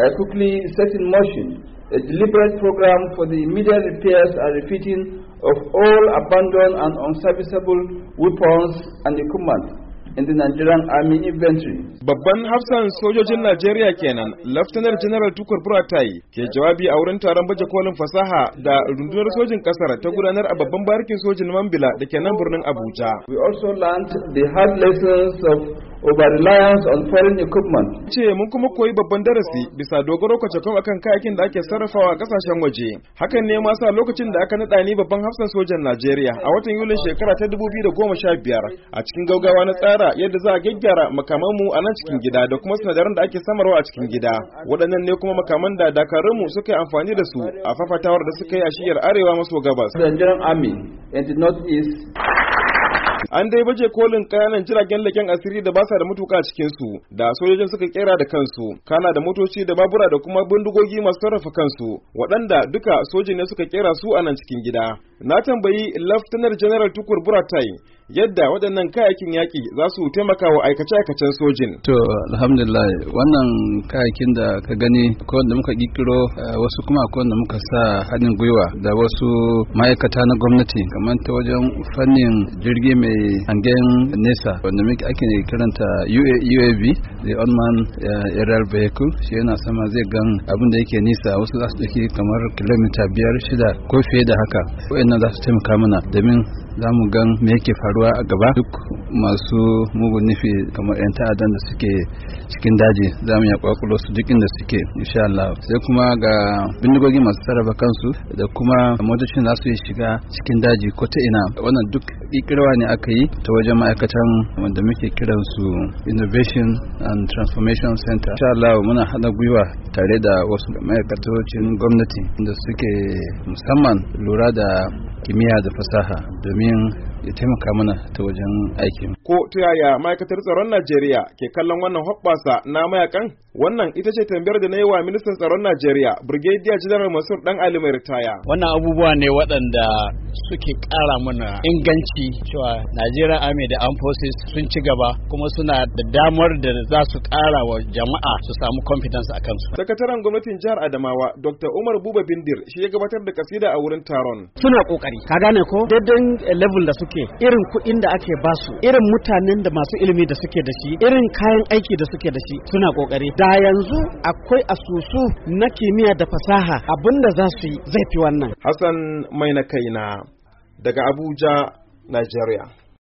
uh, quickly set in motion a deliberate program for the immediate repairs and refitting of all abandoned and unserviceable weapons and equipment in the Nigerian Army inventory. Babban hafsan sojojin Najeriya kenan, Laftanar General Tukur Buratai ke jawabi a wurin taron baje kolin fasaha da rundunar sojin kasar ta gudanar a babban barikin sojin Mambila da ke nan birnin Abuja. We also learned the hard lessons of over reliance on foreign equipment. Ce mun kuma koyi babban darasi bisa dogaro kwace kan akan kayakin da ake sarrafawa a kasashen waje. Hakan ne ma sa lokacin da aka nada ni babban hafsan sojan Najeriya a watan Yulin shekara ta 2015 a cikin gaugawa na tsara yadda za a gyaggyara mu a nan cikin gida da kuma sinadaran da ake samarwa a cikin gida. Waɗannan ne kuma makaman da dakarun mu suka yi amfani da su a fafatawar da suka yi a shiyar arewa maso gabas. A Nigerian Army and the North An dai baje kolin kayanan jiragen leken asiri da basa da matuka cikin su da sojojin suka kera da kansu, kana da motoci da babura da kuma bindigogi masu sarrafa kansu, waɗanda duka soji ne suka kera su a nan cikin gida. na tambayi laftanar general tukur buratai yadda waɗannan kayakin yaƙi za su taimaka wa aikace-aikacen sojin. to alhamdulillah wannan kayakin da ka gani ko wanda muka kikiro eh, wasu kuma ko wanda muka sa hannun gwiwa da wasu ma'aikata na gwamnati kamar ta wajen fannin jirgi mai hangen nesa wanda muke ake kiranta uav the unman eh, aerial vehicle shi yana sama zai gan abin da yake nisa wasu za su kamar kilomita biyar shida ko fiye da haka wa'annan za su taimaka mana domin za mu gan me yake faruwa a gaba duk masu mugun nufi kamar 'yan ta'adan da suke cikin daji za mu yaƙwa su duk inda suke insha Allah sai kuma ga bindigogi masu sarrafa kansu da kuma motocin za su yi shiga cikin daji ko ta ina wannan duk ikirwa ne aka yi ta wajen ma'aikatan wanda muke kiran su innovation and transformation center insha Allah muna hada gwiwa tare da wasu ma'aikatocin gwamnati da suke musamman lura da kimiyya da fasaha domin ya taimaka mana ta wajen aikin. Ko ta yaya ma'aikatar tsaron Najeriya ke kallon wannan hoɓɓasa na mayakan? Wannan ita ce tambayar da na yi wa ministan tsaron Najeriya, Brigadier General Masur Dan Ali mai ritaya. Wannan abubuwa ne waɗanda suke ƙara mana inganci cewa Najeriya Army da Armed Forces sun ci gaba kuma suna da damar da za su ƙara wa jama'a su samu confidence a kansu. Sakataren gwamnatin jihar Adamawa, Dr. Umar Buba Bindir, shi ya gabatar da kasida a wurin taron. Suna ƙoƙari, ka gane ko? Daidai level da suke suke irin kuɗin da ake basu irin mutanen da masu ilimi da suke da shi irin kayan aiki da suke da shi suna kokari da yanzu akwai asusu na kimiyya da fasaha abin da za su yi zai fi wannan hassan mai na kaina daga abuja nigeria